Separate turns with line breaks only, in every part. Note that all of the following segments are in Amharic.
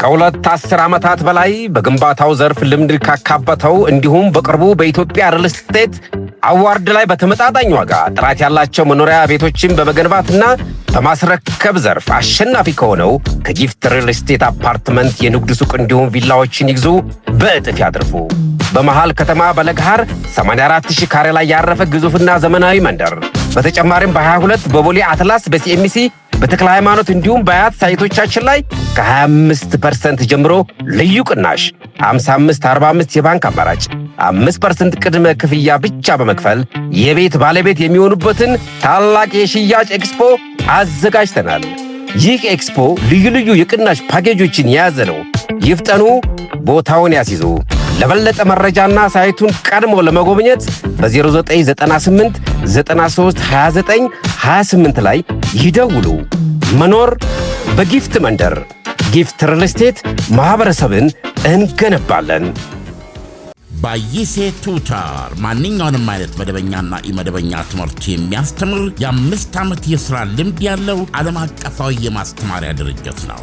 ከሁለት አስር ዓመታት በላይ በግንባታው ዘርፍ ልምድ ካካበተው እንዲሁም በቅርቡ በኢትዮጵያ ሪል ስቴት አዋርድ ላይ በተመጣጣኝ ዋጋ ጥራት ያላቸው መኖሪያ ቤቶችን በመገንባትና በማስረከብ ዘርፍ አሸናፊ ከሆነው ከጊፍት ሪል ስቴት አፓርትመንት የንግድ ሱቅ እንዲሁም ቪላዎችን ይግዙ፣ በእጥፍ ያድርፉ። በመሃል ከተማ በለግሃር 84 ሺህ ካሬ ላይ ያረፈ ግዙፍና ዘመናዊ መንደር በተጨማሪም በ22 በቦሌ አትላስ፣ በሲኤምሲ፣ በተክለ ሃይማኖት እንዲሁም በአያት ሳይቶቻችን ላይ ከ25 ፐርሰንት ጀምሮ ልዩ ቅናሽ 55 45 የባንክ አማራጭ 5 ፐርሰንት ቅድመ ክፍያ ብቻ በመክፈል የቤት ባለቤት የሚሆኑበትን ታላቅ የሽያጭ ኤክስፖ አዘጋጅተናል። ይህ ኤክስፖ ልዩ ልዩ የቅናሽ ፓኬጆችን የያዘ ነው። ይፍጠኑ፣ ቦታውን ያስይዙ። ለበለጠ መረጃና ሳይቱን ቀድሞ ለመጎብኘት በ0998 93 29 28 ላይ ይደውሉ። መኖር በጊፍት መንደር ጊፍት ሪል ስቴት ማህበረሰብን እንገነባለን።
ባይሴ ቱታር ማንኛውንም አይነት መደበኛና ኢመደበኛ ትምህርት የሚያስተምር የአምስት ዓመት የሥራ ልምድ ያለው ዓለም አቀፋዊ የማስተማሪያ ድርጅት ነው።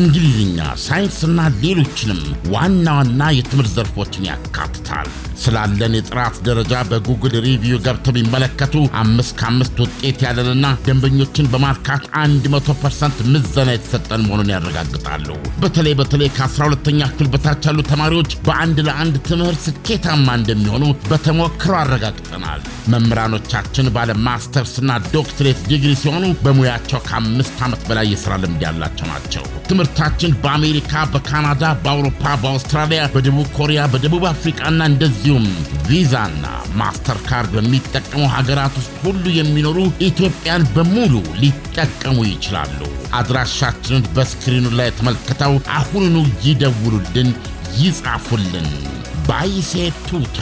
እንግሊዝኛ፣ ሳይንስና ሌሎችንም ዋና ዋና የትምህርት ዘርፎችን ያካትታል። ስላለን የጥራት ደረጃ በጉግል ሪቪው ገብተው ቢመለከቱ አምስት ከአምስት ውጤት ያለንና ደንበኞችን በማርካት 100 ፐርሰንት ምዘና የተሰጠን መሆኑን ያረጋግጣሉ። በተለይ በተለይ ከ12ተኛ ክፍል በታች ያሉ ተማሪዎች በአንድ ለአንድ ትምህርት ስኬታማ እንደሚሆኑ በተሞክሮ አረጋግጠናል። መምህራኖቻችን ባለ ማስተርስና ዶክትሬት ዲግሪ ሲሆኑ በሙያቸው ከአምስት ዓመት በላይ የሥራ ልምድ ያላቸው ናቸው። ምርታችን በአሜሪካ፣ በካናዳ፣ በአውሮፓ፣ በአውስትራሊያ፣ በደቡብ ኮሪያ፣ በደቡብ አፍሪቃና እንደዚሁም ቪዛና ማስተርካርድ በሚጠቀሙ ሀገራት ውስጥ ሁሉ የሚኖሩ ኢትዮጵያን በሙሉ ሊጠቀሙ ይችላሉ። አድራሻችንን በስክሪኑ ላይ ተመልክተው አሁኑኑ ይደውሉልን፣ ይጻፉልን። ባይሴ ቱታ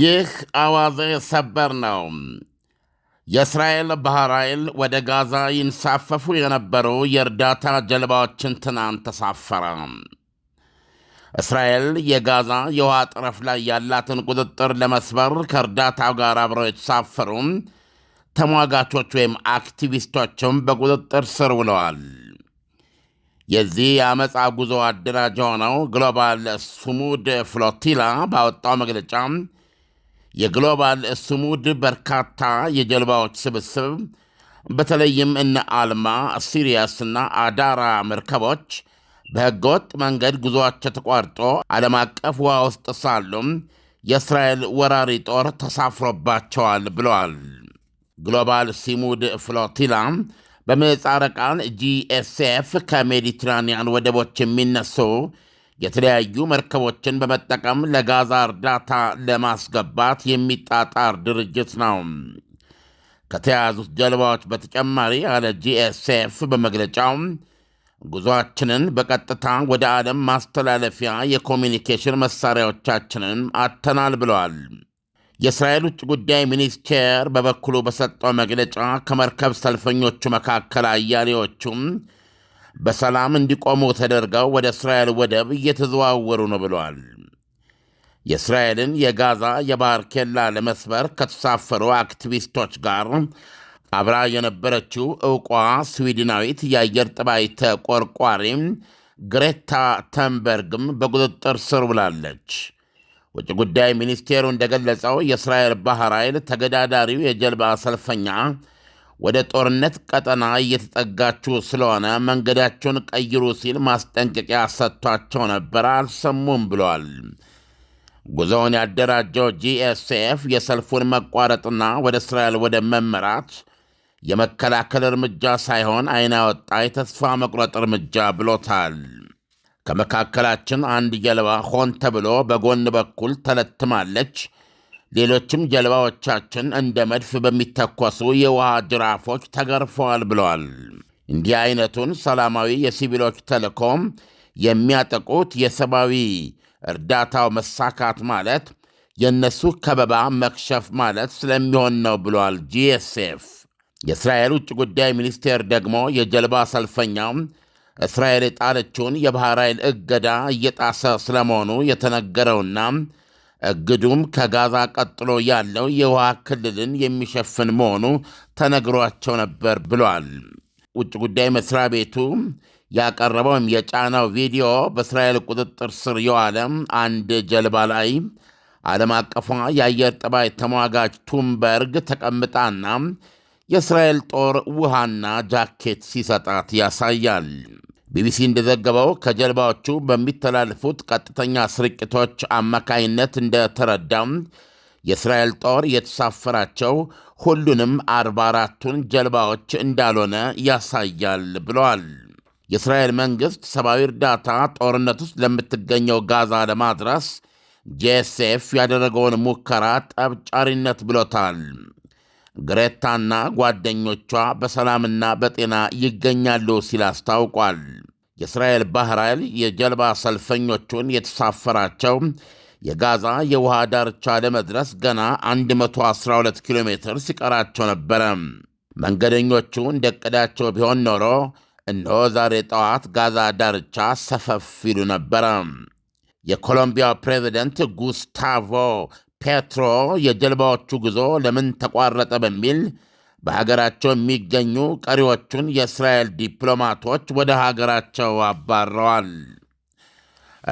ይህ አዋዜ ሰበር ነው። የእስራኤል ባህር ኃይል ወደ ጋዛ ይንሳፈፉ የነበሩ የእርዳታ ጀልባዎችን ትናንት ተሳፈረ። እስራኤል የጋዛ የውሃ ጠረፍ ላይ ያላትን ቁጥጥር ለመስበር ከእርዳታው ጋር አብረው የተሳፈሩ ተሟጋቾች ወይም አክቲቪስቶችም በቁጥጥር ስር ውለዋል። የዚህ የአመፃ ጉዞ አደራጅ የሆነው ግሎባል ሱሙድ ፍሎቲላ ባወጣው መግለጫ የግሎባል ስሙድ በርካታ የጀልባዎች ስብስብ በተለይም እነ አልማ፣ ና አዳራ መርከቦች በህገወጥ መንገድ ጉዞአቸው ተቋርጦ ዓለም አቀፍ ውሃ ውስጥ ሳሉም የእስራኤል ወራሪ ጦር ተሳፍሮባቸዋል ብለዋል። ግሎባል ሲሙድ ፍሎቲላ በምህጻረ ቃል ጂኤስኤፍ ከሜዲትራኒያን ወደቦች የሚነሱ የተለያዩ መርከቦችን በመጠቀም ለጋዛ እርዳታ ለማስገባት የሚጣጣር ድርጅት ነው። ከተያዙት ጀልባዎች በተጨማሪ አለ ጂኤስኤፍ በመግለጫው ጉዞአችንን በቀጥታ ወደ ዓለም ማስተላለፊያ የኮሚኒኬሽን መሳሪያዎቻችንን አጥተናል ብለዋል። የእስራኤል ውጭ ጉዳይ ሚኒስቴር በበኩሉ በሰጠው መግለጫ ከመርከብ ሰልፈኞቹ መካከል አያሌዎቹም በሰላም እንዲቆሙ ተደርገው ወደ እስራኤል ወደብ እየተዘዋወሩ ነው ብለዋል። የእስራኤልን የጋዛ የባህር ኬላ ለመስበር ከተሳፈሩ አክቲቪስቶች ጋር አብራ የነበረችው ዕውቋ ስዊድናዊት የአየር ጥባይ ተቆርቋሪም ግሬታ ተንበርግም በቁጥጥር ስር ውላለች። ውጭ ጉዳይ ሚኒስቴሩ እንደገለጸው የእስራኤል ባህር ኃይል ተገዳዳሪው የጀልባ ሰልፈኛ ወደ ጦርነት ቀጠና እየተጠጋችሁ ስለሆነ መንገዳቸውን ቀይሩ ሲል ማስጠንቀቂያ ሰጥቷቸው ነበር፣ አልሰሙም ብሏል። ጉዞውን ያደራጀው ጂኤስኤፍ የሰልፉን መቋረጥና ወደ እስራኤል ወደ መመራት የመከላከል እርምጃ ሳይሆን አይን ያወጣ የተስፋ መቁረጥ እርምጃ ብሎታል። ከመካከላችን አንድ ጀልባ ሆን ተብሎ በጎን በኩል ተለትማለች ሌሎችም ጀልባዎቻችን እንደ መድፍ በሚተኮሱ የውሃ ጅራፎች ተገርፈዋል ብለዋል። እንዲህ አይነቱን ሰላማዊ የሲቪሎች ተልእኮም የሚያጠቁት የሰብአዊ እርዳታው መሳካት ማለት የእነሱ ከበባ መክሸፍ ማለት ስለሚሆን ነው ብለዋል ጂኤስኤፍ። የእስራኤል ውጭ ጉዳይ ሚኒስቴር ደግሞ የጀልባ ሰልፈኛው እስራኤል የጣለችውን የባሕር ኃይል እገዳ እየጣሰ ስለመሆኑ የተነገረውና እግዱም ከጋዛ ቀጥሎ ያለው የውሃ ክልልን የሚሸፍን መሆኑ ተነግሯቸው ነበር ብሏል። ውጭ ጉዳይ መስሪያ ቤቱ ያቀረበውም የጫናው ቪዲዮ በእስራኤል ቁጥጥር ስር የዋለ አንድ ጀልባ ላይ ዓለም አቀፏ የአየር ጠባይ ተሟጋች ቱምበርግ ተቀምጣና የእስራኤል ጦር ውሃና ጃኬት ሲሰጣት ያሳያል። ቢቢሲ እንደዘገበው ከጀልባዎቹ በሚተላለፉት ቀጥተኛ ስርጭቶች አማካይነት እንደተረዳም የእስራኤል ጦር የተሳፈራቸው ሁሉንም 44ቱን ጀልባዎች እንዳልሆነ ያሳያል ብለዋል። የእስራኤል መንግሥት ሰብአዊ እርዳታ ጦርነት ውስጥ ለምትገኘው ጋዛ ለማድረስ ጄሴፍ ያደረገውን ሙከራ ጠብጫሪነት ብሎታል። ግሬታና ጓደኞቿ በሰላምና በጤና ይገኛሉ ሲል አስታውቋል። የእስራኤል ባህር ኃይል የጀልባ ሰልፈኞቹን የተሳፈራቸው የጋዛ የውሃ ዳርቻ ለመድረስ ገና 112 ኪሎ ሜትር ሲቀራቸው ነበረ። መንገደኞቹ እንደቀዳቸው ቢሆን ኖሮ እነሆ ዛሬ ጠዋት ጋዛ ዳርቻ ሰፈፍ ይሉ ነበረ። የኮሎምቢያው ፕሬዚደንት ጉስታቮ ፔትሮ የጀልባዎቹ ጉዞ ለምን ተቋረጠ በሚል በሀገራቸው የሚገኙ ቀሪዎቹን የእስራኤል ዲፕሎማቶች ወደ ሀገራቸው አባረዋል።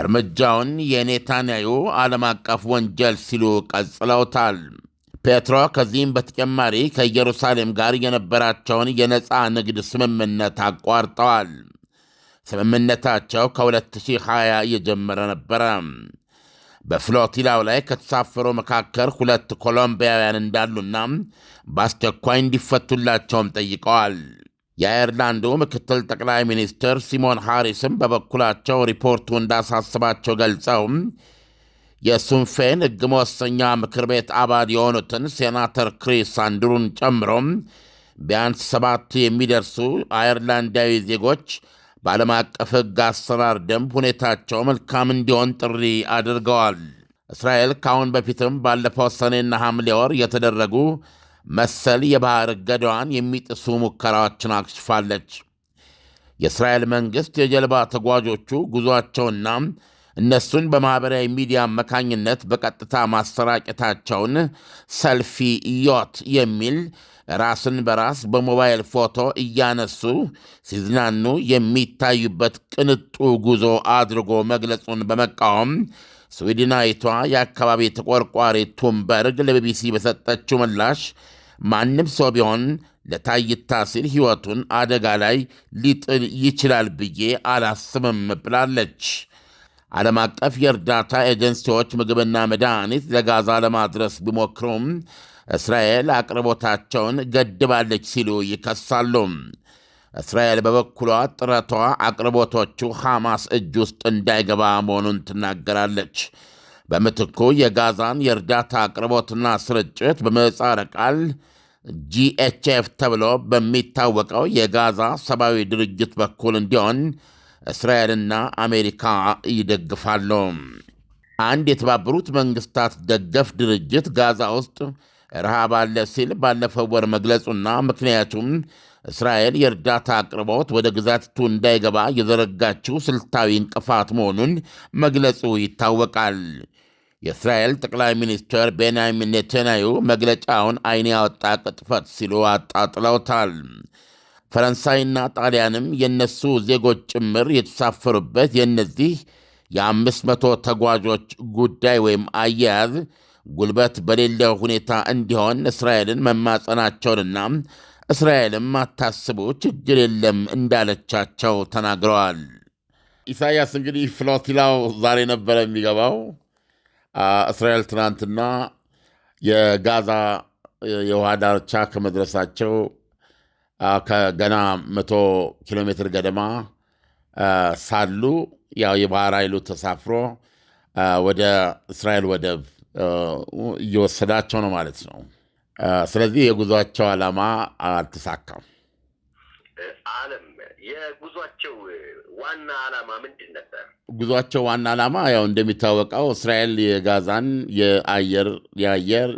እርምጃውን የኔታንያዩ ዓለም አቀፍ ወንጀል ሲሉ ቀጽለውታል። ፔትሮ ከዚህም በተጨማሪ ከኢየሩሳሌም ጋር የነበራቸውን የነፃ ንግድ ስምምነት አቋርጠዋል። ስምምነታቸው ከ2020 የጀመረ ነበረ። በፍሎቲላው ላይ ከተሳፈሩ መካከል ሁለት ኮሎምቢያውያን እንዳሉና በአስቸኳይ እንዲፈቱላቸውም ጠይቀዋል። የአየርላንዱ ምክትል ጠቅላይ ሚኒስትር ሲሞን ሃሪስም በበኩላቸው ሪፖርቱ እንዳሳስባቸው ገልጸው የሱንፌን ሕግ መወሰኛ ምክር ቤት አባል የሆኑትን ሴናተር ክሪስ አንድሩን ጨምሮ ቢያንስ ሰባት የሚደርሱ አየርላንዳዊ ዜጎች በዓለም አቀፍ ሕግ አሰራር ደንብ ሁኔታቸው መልካም እንዲሆን ጥሪ አድርገዋል። እስራኤል ከአሁን በፊትም ባለፈው ሰኔና ሐምሌ ወር የተደረጉ መሰል የባሕር እገዳዋን የሚጥሱ ሙከራዎችን አክሽፋለች። የእስራኤል መንግሥት የጀልባ ተጓዦቹ ጉዞአቸውና እነሱን በማኅበራዊ ሚዲያ አማካኝነት በቀጥታ ማሰራጨታቸውን ሰልፊ ዮት የሚል ራስን በራስ በሞባይል ፎቶ እያነሱ ሲዝናኑ የሚታዩበት ቅንጡ ጉዞ አድርጎ መግለጹን በመቃወም ስዊድናዊቷ የአካባቢ ተቆርቋሪ ቱምበርግ ለቢቢሲ በሰጠችው ምላሽ ማንም ሰው ቢሆን ለታይታ ሲል ሕይወቱን አደጋ ላይ ሊጥል ይችላል ብዬ አላስብም ብላለች። ዓለም አቀፍ የእርዳታ ኤጀንሲዎች ምግብና መድኃኒት ለጋዛ ለማድረስ ቢሞክሩም እስራኤል አቅርቦታቸውን ገድባለች ሲሉ ይከሳሉ። እስራኤል በበኩሏ ጥረቷ አቅርቦቶቹ ሐማስ እጅ ውስጥ እንዳይገባ መሆኑን ትናገራለች። በምትኩ የጋዛን የእርዳታ አቅርቦትና ስርጭት በምህጻረ ቃል ጂኤችኤፍ ተብሎ በሚታወቀው የጋዛ ሰብአዊ ድርጅት በኩል እንዲሆን እስራኤልና አሜሪካ ይደግፋሉ። አንድ የተባበሩት መንግስታት ደገፍ ድርጅት ጋዛ ውስጥ ረሃብ አለ ሲል ባለፈው ወር መግለጹና ምክንያቱም እስራኤል የእርዳታ አቅርቦት ወደ ግዛቲቱ እንዳይገባ የዘረጋችው ስልታዊ እንቅፋት መሆኑን መግለጹ ይታወቃል። የእስራኤል ጠቅላይ ሚኒስትር ቤንያሚን ኔቴናዩ መግለጫውን ዓይን ያወጣ ቅጥፈት ሲሉ አጣጥለውታል። ፈረንሳይና ጣሊያንም የእነሱ ዜጎች ጭምር የተሳፈሩበት የእነዚህ የአምስት መቶ ተጓዦች ጉዳይ ወይም አያያዝ ጉልበት በሌለው ሁኔታ እንዲሆን እስራኤልን መማጸናቸውንና እስራኤልም አታስቡ ችግር የለም እንዳለቻቸው ተናግረዋል።
ኢሳያስ እንግዲህ ፍሎቲላው ዛሬ ነበረ የሚገባው። እስራኤል ትናንትና የጋዛ የውሃ ዳርቻ ከመድረሳቸው ከገና መቶ ኪሎ ሜትር ገደማ ሳሉ ያው የባህር ኃይሉ ተሳፍሮ ወደ እስራኤል ወደብ እየወሰዳቸው ነው ማለት ነው። ስለዚህ የጉዟቸው ዓላማ አልተሳካም።
አለም የጉዟቸው ዋና ዓላማ ምንድን ነበር?
ጉዟቸው ዋና ዓላማ ያው እንደሚታወቀው እስራኤል የጋዛን የአየር የአየር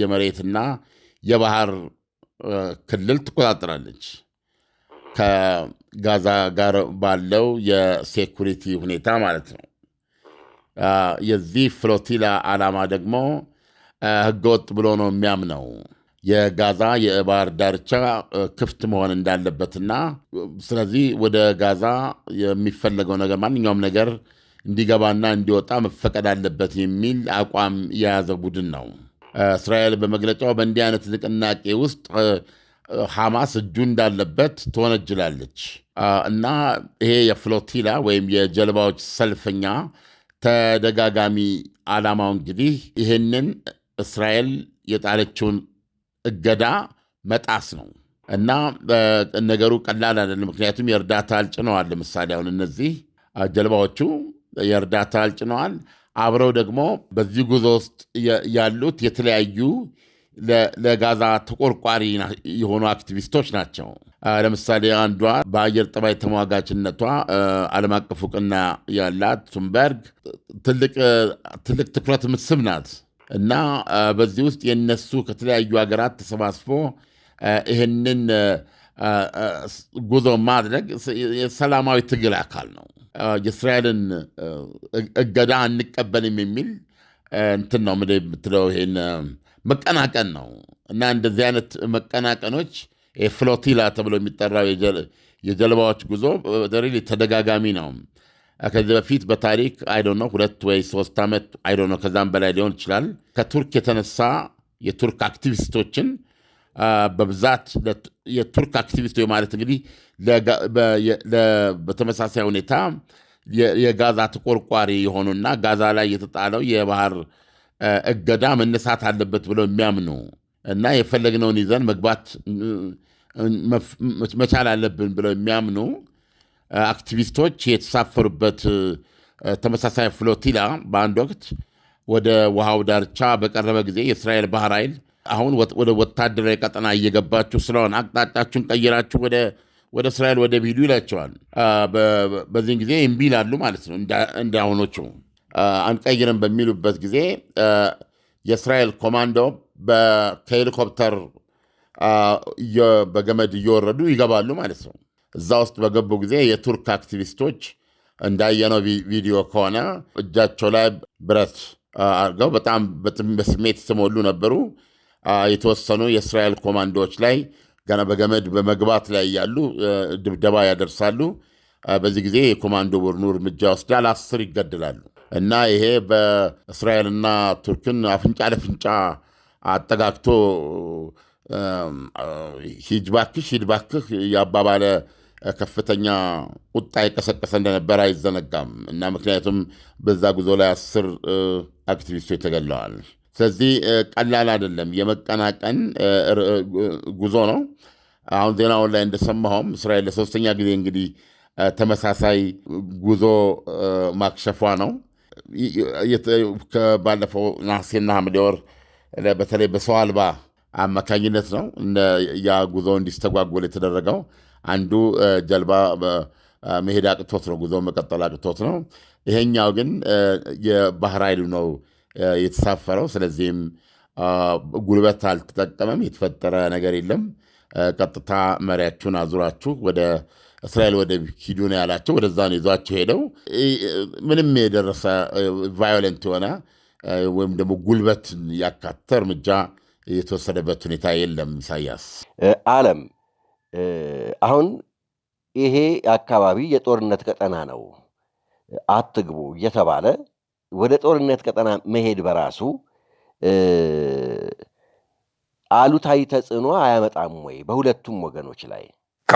የመሬትና የባህር ክልል ትቆጣጠራለች። ከጋዛ ጋር ባለው የሴኩሪቲ ሁኔታ ማለት ነው። የዚህ ፍሎቲላ ዓላማ ደግሞ ህገወጥ ብሎ ነው የሚያምነው። የጋዛ የባህር ዳርቻ ክፍት መሆን እንዳለበትና ስለዚህ ወደ ጋዛ የሚፈለገው ነገር ማንኛውም ነገር እንዲገባና እንዲወጣ መፈቀድ አለበት የሚል አቋም የያዘ ቡድን ነው። እስራኤል በመግለጫው በእንዲህ አይነት ንቅናቄ ውስጥ ሐማስ እጁ እንዳለበት ትወነጅላለች እና ይሄ የፍሎቲላ ወይም የጀልባዎች ሰልፈኛ ተደጋጋሚ ዓላማው እንግዲህ ይህንን እስራኤል የጣለችውን እገዳ መጣስ ነው እና ነገሩ ቀላል አይደለም። ምክንያቱም የእርዳታ አልጭነዋል። ለምሳሌ አሁን እነዚህ ጀልባዎቹ የእርዳታ አልጭነዋል። አብረው ደግሞ በዚህ ጉዞ ውስጥ ያሉት የተለያዩ ለጋዛ ተቆርቋሪ የሆኑ አክቲቪስቶች ናቸው። ለምሳሌ አንዷ በአየር ጠባይ ተሟጋችነቷ ዓለም አቀፍ እውቅና ያላት ቱንበርግ ትልቅ ትኩረት ምስብ ናት እና በዚህ ውስጥ የነሱ ከተለያዩ ሀገራት ተሰባስቦ ይህንን ጉዞ ማድረግ የሰላማዊ ትግል አካል ነው። የእስራኤልን እገዳ አንቀበልም የሚል እንትን ነው ምድ የምትለው ይሄን መቀናቀን ነው እና እንደዚህ አይነት መቀናቀኖች ፍሎቲላ ተብሎ የሚጠራው የጀልባዎች ጉዞ ሪሊ ተደጋጋሚ ነው። ከዚህ በፊት በታሪክ አይዶ ሁለት ወይ ሶስት ዓመት አይዶ ከዛም በላይ ሊሆን ይችላል ከቱርክ የተነሳ የቱርክ አክቲቪስቶችን በብዛት የቱርክ አክቲቪስቶ ማለት እንግዲህ በተመሳሳይ ሁኔታ የጋዛ ተቆርቋሪ የሆኑና ጋዛ ላይ የተጣለው የባህር እገዳ መነሳት አለበት ብለው የሚያምኑ እና የፈለግነውን ይዘን መግባት መቻል አለብን ብለው የሚያምኑ አክቲቪስቶች የተሳፈሩበት ተመሳሳይ ፍሎቲላ በአንድ ወቅት ወደ ውሃው ዳርቻ በቀረበ ጊዜ የእስራኤል ባህር ኃይል አሁን ወደ ወታደራዊ ቀጠና እየገባችሁ ስለሆነ አቅጣጫችሁን ቀይራችሁ ወደ እስራኤል ወደ ቢሉ ይላቸዋል። በዚህን ጊዜ እምቢ ይላሉ ማለት ነው እንደ አሁኖቹ። አንቀይርም በሚሉበት ጊዜ የእስራኤል ኮማንዶ ከሄሊኮፕተር በገመድ እየወረዱ ይገባሉ ማለት ነው። እዛ ውስጥ በገቡ ጊዜ የቱርክ አክቲቪስቶች እንዳየነው ቪዲዮ ከሆነ እጃቸው ላይ ብረት አድርገው በጣም በስሜት ስሞሉ ነበሩ። የተወሰኑ የእስራኤል ኮማንዶዎች ላይ ገና በገመድ በመግባት ላይ ያሉ ድብደባ ያደርሳሉ። በዚህ ጊዜ የኮማንዶ ቡድኑ እርምጃ ይወስዳል። አስር ይገድላሉ። እና ይሄ በእስራኤልና ቱርክን አፍንጫ ለፍንጫ አጠጋግቶ ሂድ እባክህ ሂድ እባክህ ያባባለ ከፍተኛ ቁጣ የቀሰቀሰ እንደነበረ አይዘነጋም እና ምክንያቱም በዛ ጉዞ ላይ አስር አክቲቪስቶች ተገለዋል። ስለዚህ ቀላል አይደለም፣ የመቀናቀን ጉዞ ነው። አሁን ዜናውን ላይ እንደሰማሁም እስራኤል ለሶስተኛ ጊዜ እንግዲህ ተመሳሳይ ጉዞ ማክሸፏ ነው። ባለፈው ነሐሴና ሐምሌ ወር በተለይ በሰው አልባ አማካኝነት ነው ያ ጉዞ እንዲስተጓጎል የተደረገው። አንዱ ጀልባ መሄድ አቅቶት ነው፣ ጉዞ መቀጠል አቅቶት ነው። ይሄኛው ግን የባህር ኃይሉ ነው የተሳፈረው። ስለዚህም ጉልበት አልተጠቀመም። የተፈጠረ ነገር የለም። ቀጥታ መሪያችሁን አዙራችሁ ወደ እስራኤል ወደ ሂዱ ነው ያላቸው። ወደዛ ነው ይዟቸው ሄደው ምንም የደረሰ ቫዮለንት የሆነ ወይም ደግሞ ጉልበት ያካተተ እርምጃ የተወሰደበት ሁኔታ የለም። ኢሳያስ
አለም አሁን ይሄ አካባቢ የጦርነት ቀጠና ነው አትግቡ እየተባለ ወደ ጦርነት ቀጠና መሄድ በራሱ አሉታዊ ተጽዕኖ አያመጣም ወይ በሁለቱም ወገኖች ላይ?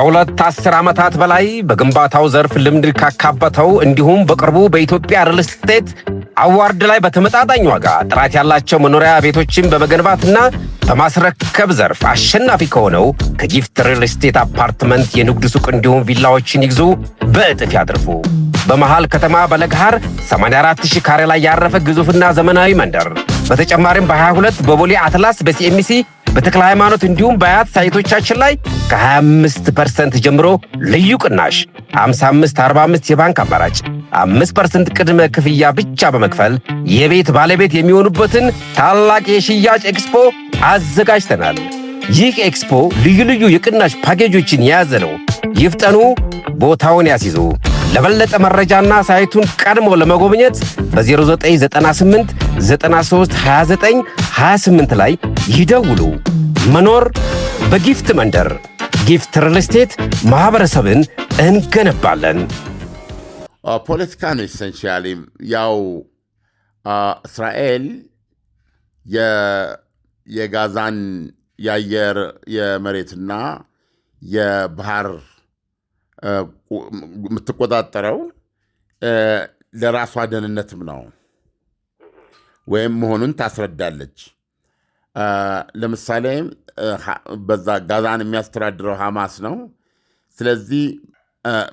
ከሁለት አስር ዓመታት በላይ በግንባታው ዘርፍ ልምድ ካካበተው እንዲሁም በቅርቡ በኢትዮጵያ ሪል ስቴት አዋርድ ላይ በተመጣጣኝ ዋጋ ጥራት ያላቸው መኖሪያ ቤቶችን በመገንባትና በማስረከብ ዘርፍ አሸናፊ ከሆነው ከጊፍት ሪል ስቴት አፓርትመንት፣ የንግድ ሱቅ እንዲሁም ቪላዎችን ይግዙ፣ በእጥፍ ያድርፉ። በመሃል ከተማ በለግሃር 84 ካሬ ላይ ያረፈ ግዙፍና ዘመናዊ መንደር በተጨማሪም በ22 በቦሌ አትላስ በሲኤምሲ በተክለ ሃይማኖት እንዲሁም በአያት ሳይቶቻችን ላይ ከ25 ፐርሰንት ጀምሮ ልዩ ቅናሽ 55 45 የባንክ አማራጭ 5 ፐርሰንት ቅድመ ክፍያ ብቻ በመክፈል የቤት ባለቤት የሚሆኑበትን ታላቅ የሽያጭ ኤክስፖ አዘጋጅተናል። ይህ ኤክስፖ ልዩ ልዩ የቅናሽ ፓኬጆችን የያዘ ነው። ይፍጠኑ፣ ቦታውን ያስይዙ። ለበለጠ መረጃና ሳይቱን ቀድሞ ለመጎብኘት በ0998 28 ላይ ይደውሉ። መኖር በጊፍት መንደር ጊፍት ሪል ስቴት ማህበረሰብን እንገነባለን።
ፖለቲካ ነው ኢሰንሺያሊ ያው uh, እስራኤል የጋዛን የአየር የመሬትና የባህር uh, የምትቆጣጠረው uh, ለራሷ ደህንነትም ነው ወይም መሆኑን ታስረዳለች። ለምሳሌ በዛ ጋዛን የሚያስተዳድረው ሐማስ ነው። ስለዚህ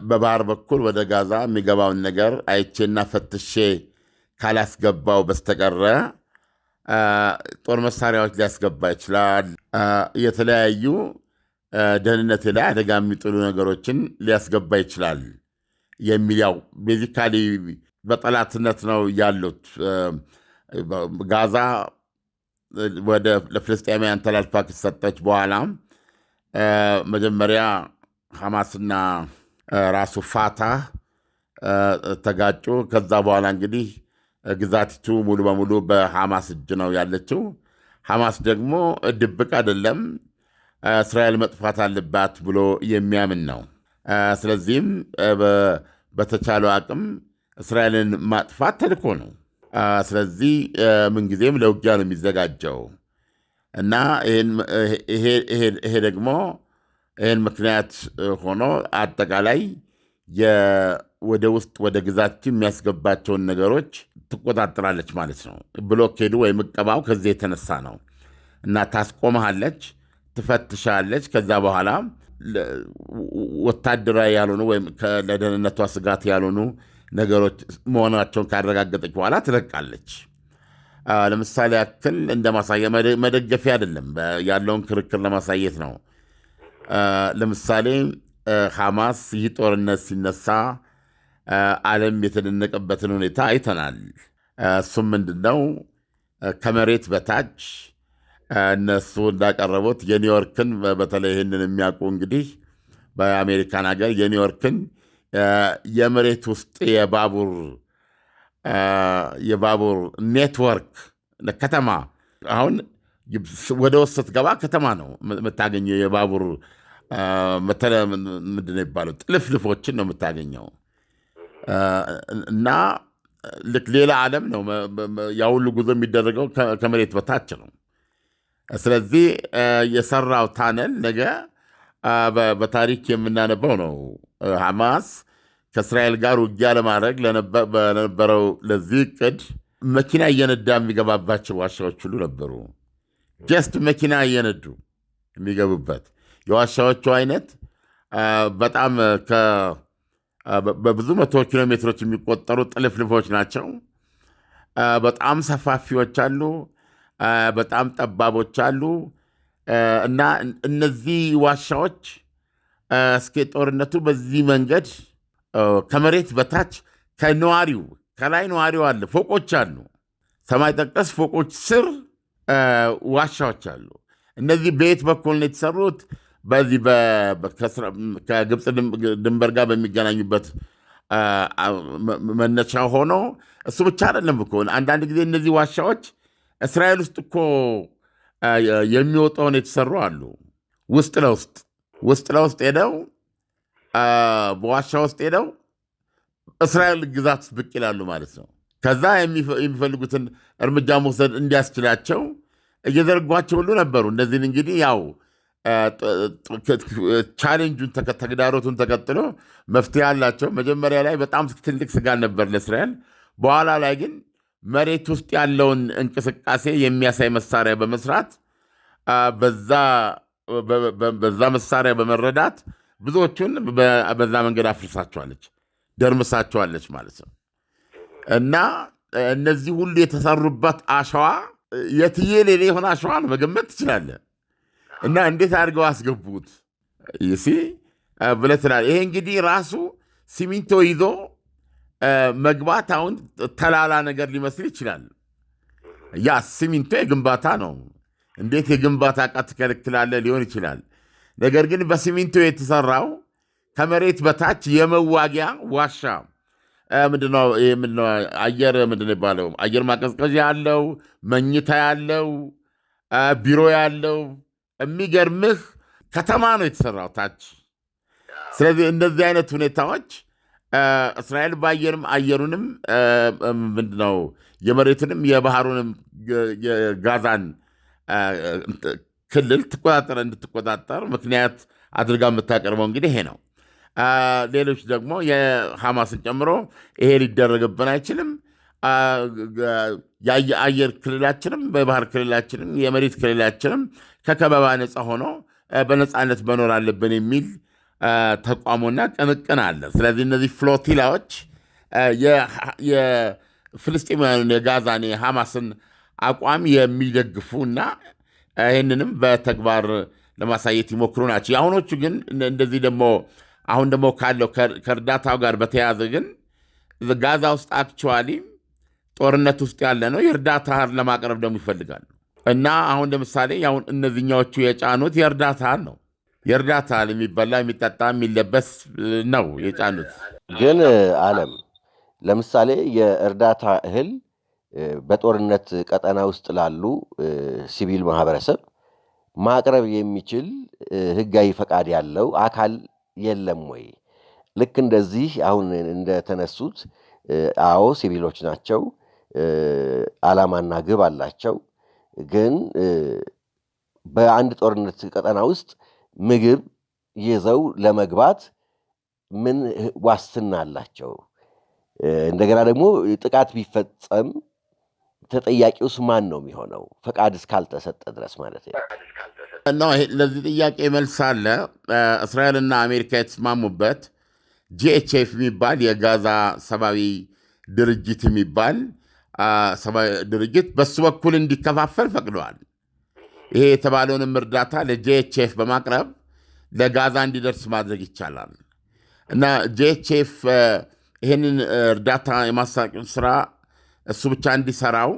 በባህር በኩል ወደ ጋዛ የሚገባውን ነገር አይቼና ፈትሼ ካላስገባው በስተቀረ ጦር መሳሪያዎች ሊያስገባ ይችላል። የተለያዩ ደህንነት ላይ አደጋ የሚጥሉ ነገሮችን ሊያስገባ ይችላል የሚል ያው ቤዚካሊ በጠላትነት ነው ያሉት። ጋዛ ወደ ለፍልስጤማውያን ተላልፋ ከተሰጠች በኋላ መጀመሪያ ሐማስና ራሱ ፋታ ተጋጩ። ከዛ በኋላ እንግዲህ ግዛቲቱ ሙሉ በሙሉ በሐማስ እጅ ነው ያለችው። ሐማስ ደግሞ ድብቅ አይደለም፣ እስራኤል መጥፋት አለባት ብሎ የሚያምን ነው። ስለዚህም በተቻለው አቅም እስራኤልን ማጥፋት ተልኮ ነው። ስለዚህ ምንጊዜም ለውጊያ ነው የሚዘጋጀው እና ይሄ ደግሞ ይህን ምክንያት ሆኖ አጠቃላይ ወደ ውስጥ ወደ ግዛችን የሚያስገባቸውን ነገሮች ትቆጣጠራለች ማለት ነው። ብሎኬዱ ወይም እቀባው ከዚህ የተነሳ ነው እና ታስቆመሃለች፣ ትፈትሻለች። ከዛ በኋላ ወታደራዊ ያልሆኑ ወይም ለደህንነቷ ስጋት ያልሆኑ ነገሮች መሆናቸውን ካረጋገጠች በኋላ ትለቃለች። ለምሳሌ ያክል እንደ ማሳያ መደገፊያ አይደለም፣ ያለውን ክርክር ለማሳየት ነው። ለምሳሌ ሐማስ ይህ ጦርነት ሲነሳ ዓለም የተደነቀበትን ሁኔታ አይተናል። እሱም ምንድን ነው? ከመሬት በታች እነሱ እንዳቀረቡት የኒውዮርክን በተለይ ይህንን የሚያውቁ እንግዲህ በአሜሪካን ሀገር የኒውዮርክን የመሬት ውስጥ የባቡር የባቡር ኔትወርክ ከተማ አሁን ወደ ውስጥ ስትገባ ከተማ ነው የምታገኘው። የባቡር ምንድን ነው የሚባለው ጥልፍልፎችን ነው የምታገኘው። እና ልክ ሌላ ዓለም ነው ያ ሁሉ ጉዞ የሚደረገው ከመሬት በታች ነው። ስለዚህ የሰራው ታነል ነገ በታሪክ የምናነበው ነው። ሐማስ ከእስራኤል ጋር ውጊያ ለማድረግ ለነበረው ለዚህ እቅድ መኪና እየነዳ የሚገባባቸው ዋሻዎች ሁሉ ነበሩ። ጀስት መኪና እየነዱ የሚገቡበት የዋሻዎቹ አይነት በጣም በብዙ መቶ ኪሎ ሜትሮች የሚቆጠሩ ጥልፍልፎች ናቸው። በጣም ሰፋፊዎች አሉ፣ በጣም ጠባቦች አሉ። እና እነዚህ ዋሻዎች እስከ ጦርነቱ በዚህ መንገድ ከመሬት በታች ከነዋሪው ከላይ ነዋሪው አለ፣ ፎቆች አሉ፣ ሰማይ ጠቀስ ፎቆች ስር ዋሻዎች አሉ። እነዚህ በየት በኩል ነው የተሰሩት? በዚህ ከግብፅ ድንበር ጋር በሚገናኙበት መነሻ ሆኖ እሱ ብቻ አይደለም እኮ አንዳንድ ጊዜ እነዚህ ዋሻዎች እስራኤል ውስጥ እኮ የሚወጣውን የተሰሩ አሉ። ውስጥ ለውስጥ ውስጥ ለውስጥ ሄደው በዋሻ ውስጥ ሄደው እስራኤል ግዛት ብቅ ይላሉ ማለት ነው። ከዛ የሚፈልጉትን እርምጃ መውሰድ እንዲያስችላቸው እየዘረጓቸው ሁሉ ነበሩ። እነዚህን እንግዲህ ያው ቻሌንጁን ተግዳሮቱን ተከትሎ መፍትሄ አላቸው። መጀመሪያ ላይ በጣም ትልቅ ስጋ ነበር ለእስራኤል። በኋላ ላይ ግን መሬት ውስጥ ያለውን እንቅስቃሴ የሚያሳይ መሳሪያ በመስራት በዛ መሳሪያ በመረዳት ብዙዎቹን በዛ መንገድ አፍርሳቸዋለች፣ ደርምሳቸዋለች ማለት ነው እና እነዚህ ሁሉ የተሰሩበት አሸዋ የትዬ ሌላ የሆነ አሸዋ ነው መገመት ትችላለህ። እና እንዴት አድርገው አስገቡት ብለህ ትላለህ። ይሄ እንግዲህ ራሱ ሲሚንቶ ይዞ መግባት አሁን ተላላ ነገር ሊመስል ይችላል። ያ ሲሚንቶ የግንባታ ነው። እንዴት የግንባታ እቃ ትከለክላለህ? ሊሆን ይችላል። ነገር ግን በሲሚንቶ የተሰራው ከመሬት በታች የመዋጊያ ዋሻ ምንድነው? አየር ይባለው? አየር ማቀዝቀዣ ያለው፣ መኝታ ያለው፣ ቢሮ ያለው የሚገርምህ ከተማ ነው የተሰራው ታች። ስለዚህ እንደዚህ አይነት ሁኔታዎች እስራኤል በአየርም አየሩንም ምንድነው የመሬቱንም የባህሩንም የጋዛን ክልል ትቆጣጠረ እንድትቆጣጠር ምክንያት አድርጋ የምታቀርበው እንግዲህ ይሄ ነው። ሌሎች ደግሞ የሐማስን ጨምሮ ይሄ ሊደረግብን አይችልም፣ የአየር ክልላችንም በባህር ክልላችንም የመሬት ክልላችንም ከከበባ ነፃ ሆኖ በነፃነት መኖር አለብን የሚል ተቋሞና ቅንቅን አለ። ስለዚህ እነዚህ ፍሎቲላዎች የፍልስጤማውያኑን የጋዛን የሐማስን አቋም የሚደግፉ እና ይህንንም በተግባር ለማሳየት ይሞክሩ ናቸው። የአሁኖቹ ግን እንደዚህ ደግሞ አሁን ደግሞ ካለው ከእርዳታው ጋር በተያያዘ ግን ጋዛ ውስጥ አክቸዋሊ ጦርነት ውስጥ ያለ ነው። የእርዳታ እህል ለማቅረብ ደግሞ ይፈልጋሉ እና አሁን ለምሳሌ አሁን እነዚህኛዎቹ የጫኑት የእርዳታ እህል ነው። የእርዳታን የሚበላ የሚጠጣ የሚለበስ ነው የጫኑት።
ግን አለም ለምሳሌ የእርዳታ እህል በጦርነት ቀጠና ውስጥ ላሉ ሲቪል ማህበረሰብ ማቅረብ የሚችል ህጋዊ ፈቃድ ያለው አካል የለም ወይ? ልክ እንደዚህ አሁን እንደተነሱት አዎ፣ ሲቪሎች ናቸው፣ አላማና ግብ አላቸው። ግን በአንድ ጦርነት ቀጠና ውስጥ ምግብ ይዘው ለመግባት ምን ዋስትና አላቸው? እንደገና ደግሞ ጥቃት ቢፈጸም ተጠያቂውስ ማን ነው የሚሆነው? ፈቃድ እስካልተሰጠ ድረስ ማለት ነው።
ለዚህ ጥያቄ መልስ አለ። እስራኤልና አሜሪካ የተስማሙበት ጂኤችኤፍ የሚባል የጋዛ ሰብአዊ ድርጅት የሚባል ድርጅት በሱ በኩል እንዲከፋፈል ፈቅደዋል። ይሄ የተባለውንም እርዳታ ለጄኤችኤፍ በማቅረብ ለጋዛ እንዲደርስ ማድረግ ይቻላል እና ጄኤችኤፍ ይህንን እርዳታ የማሳቂውን ስራ እሱ ብቻ እንዲሰራው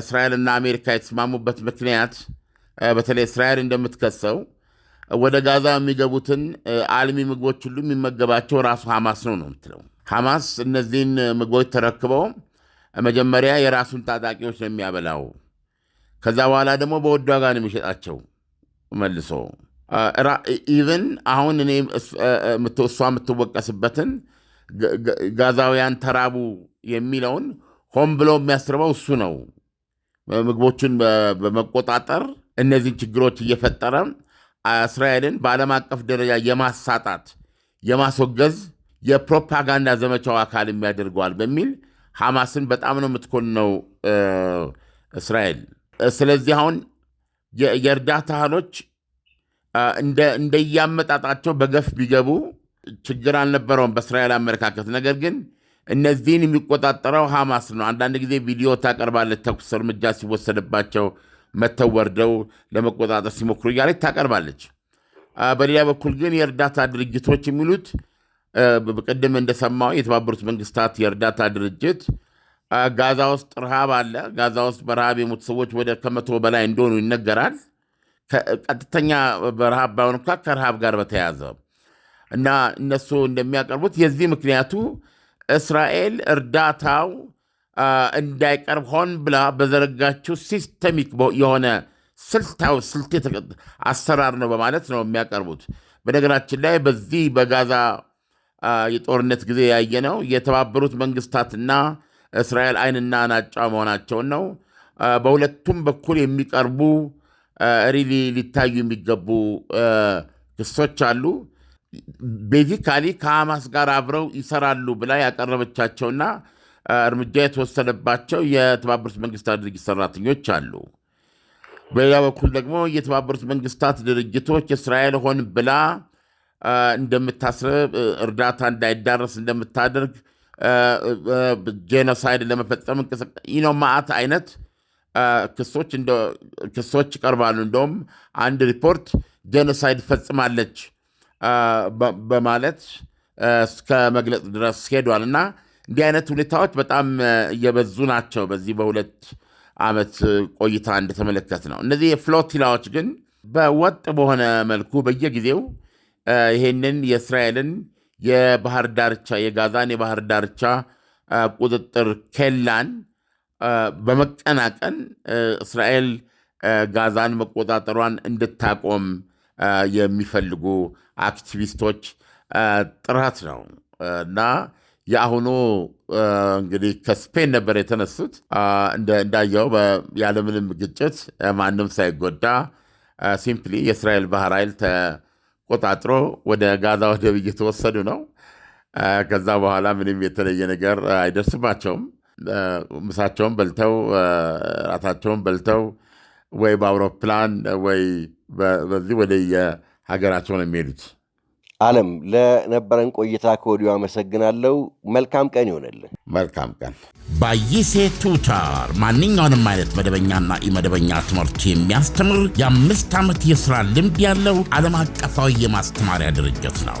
እስራኤልና አሜሪካ የተስማሙበት ምክንያት በተለይ እስራኤል እንደምትከሰው ወደ ጋዛ የሚገቡትን አልሚ ምግቦች ሁሉ የሚመገባቸው ራሱ ሐማስ ነው ነው የምትለው። ሐማስ እነዚህን ምግቦች ተረክበው መጀመሪያ የራሱን ታጣቂዎች ነው የሚያበላው ከዛ በኋላ ደግሞ በውድ ዋጋ ነው የሚሸጣቸው መልሶ ኢቨን አሁን እኔ እሷ የምትወቀስበትን ጋዛውያን ተራቡ የሚለውን ሆን ብሎ የሚያስርበው እሱ ነው። ምግቦቹን በመቆጣጠር እነዚህን ችግሮች እየፈጠረ እስራኤልን በዓለም አቀፍ ደረጃ የማሳጣት የማስወገዝ የፕሮፓጋንዳ ዘመቻው አካል የሚያደርገዋል በሚል ሐማስን በጣም ነው የምትኮንነው እስራኤል። ስለዚህ አሁን የእርዳታ እህሎች እንደያመጣጣቸው በገፍ ቢገቡ ችግር አልነበረውም በእስራኤል አመለካከት። ነገር ግን እነዚህን የሚቆጣጠረው ሐማስ ነው። አንዳንድ ጊዜ ቪዲዮ ታቀርባለች። ተኩስ እርምጃ ሲወሰድባቸው መተው ወርደው ለመቆጣጠር ሲሞክሩ እያለች ታቀርባለች። በሌላ በኩል ግን የእርዳታ ድርጅቶች የሚሉት ቅድም እንደሰማው የተባበሩት መንግስታት የእርዳታ ድርጅት ጋዛ ውስጥ ረሃብ አለ። ጋዛ ውስጥ በረሃብ የሞቱ ሰዎች ወደ ከመቶ በላይ እንደሆኑ ይነገራል። ቀጥተኛ በረሃብ ባይሆን እንኳ ከረሃብ ጋር በተያያዘ እና እነሱ እንደሚያቀርቡት የዚህ ምክንያቱ እስራኤል እርዳታው እንዳይቀርብ ሆን ብላ በዘረጋችው ሲስተሚክ የሆነ ስልታው ስልት አሰራር ነው በማለት ነው የሚያቀርቡት። በነገራችን ላይ በዚህ በጋዛ የጦርነት ጊዜ ያየነው የተባበሩት መንግስታትና እስራኤል አይንና ናጫ መሆናቸውን ነው። በሁለቱም በኩል የሚቀርቡ ሪሊ ሊታዩ የሚገቡ ክሶች አሉ። ቤዚካሊ ከሐማስ ጋር አብረው ይሰራሉ ብላ ያቀረበቻቸውና እርምጃ የተወሰደባቸው የተባበሩት መንግስታት ድርጅት ሰራተኞች አሉ። በሌላ በኩል ደግሞ የተባበሩት መንግስታት ድርጅቶች እስራኤል ሆን ብላ እንደምታስረብ እርዳታ እንዳይዳረስ እንደምታደርግ ጄኖሳይድ ለመፈጸም ነው ማአት አይነት ክሶች ይቀርባሉ። እንደውም አንድ ሪፖርት ጄኖሳይድ ፈጽማለች በማለት እስከ መግለጽ ድረስ ሄዷል እና እንዲህ አይነት ሁኔታዎች በጣም እየበዙ ናቸው። በዚህ በሁለት ዓመት ቆይታ እንደተመለከት ነው። እነዚህ የፍሎቲላዎች ግን በወጥ በሆነ መልኩ በየጊዜው ይህንን የእስራኤልን የባህር ዳርቻ የጋዛን የባህር ዳርቻ ቁጥጥር ኬላን በመቀናቀን እስራኤል ጋዛን መቆጣጠሯን እንድታቆም የሚፈልጉ አክቲቪስቶች ጥረት ነው እና የአሁኑ እንግዲህ ከስፔን ነበር የተነሱት። እንዳየው ያለምንም ግጭት ማንም ሳይጎዳ ሲምፕሊ የእስራኤል ባህር ኃይል ቆጣጥሮ ወደ ጋዛ ወደብ እየተወሰዱ ነው። ከዛ በኋላ ምንም የተለየ ነገር አይደርስባቸውም። ምሳቸውን በልተው ራታቸውን በልተው ወይ በአውሮፕላን ወይ በዚህ ወደ የሀገራቸው ነው የሚሄዱት።
አለም ለነበረን ቆይታ ከወዲሁ አመሰግናለሁ። መልካም ቀን ይሆነልን።
መልካም ቀን።
ባይሴ ቱታር ማንኛውንም አይነት መደበኛና ኢመደበኛ ትምህርት የሚያስተምር የአምስት ዓመት የሥራ ልምድ ያለው ዓለም አቀፋዊ የማስተማሪያ ድርጅት ነው።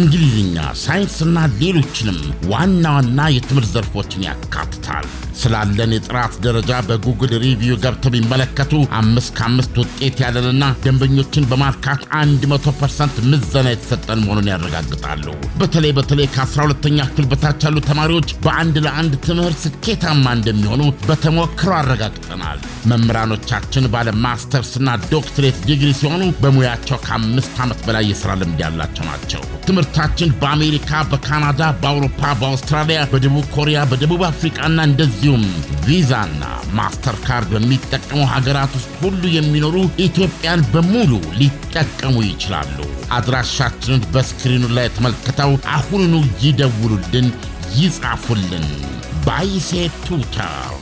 እንግሊዝኛ፣ ሳይንስና ሌሎችንም ዋና ዋና የትምህርት ዘርፎችን ያካትታል። ስላለን የጥራት ደረጃ በጉግል ሪቪው ገብተው ቢመለከቱ አምስት ከአምስት ውጤት ያለንና ደንበኞችን በማርካት 100 ፐርሰንት ምዘና የተሰጠን መሆኑን ያረጋግጣሉ። በተለይ በተለይ ከ12ተኛ ክፍል በታች ያሉ ተማሪዎች በአንድ ለአንድ ትምህርት ስኬታማ እንደሚሆኑ በተሞክሮ አረጋግጠናል። መምህራኖቻችን ባለ ማስተርስና ዶክትሬት ዲግሪ ሲሆኑ በሙያቸው ከአምስት ዓመት በላይ የሥራ ልምድ ያላቸው ናቸው። ትምህርታችን በአሜሪካ፣ በካናዳ፣ በአውሮፓ፣ በአውስትራሊያ፣ በደቡብ ኮሪያ፣ በደቡብ አፍሪቃና እንደዚህ እንደዚሁም ቪዛና ማስተርካርድ በሚጠቀሙ ሀገራት ውስጥ ሁሉ የሚኖሩ ኢትዮጵያን በሙሉ ሊጠቀሙ ይችላሉ። አድራሻችንን በስክሪኑ ላይ ተመልክተው አሁኑኑ ይደውሉልን፣ ይጻፉልን። ባይሴ ቱተር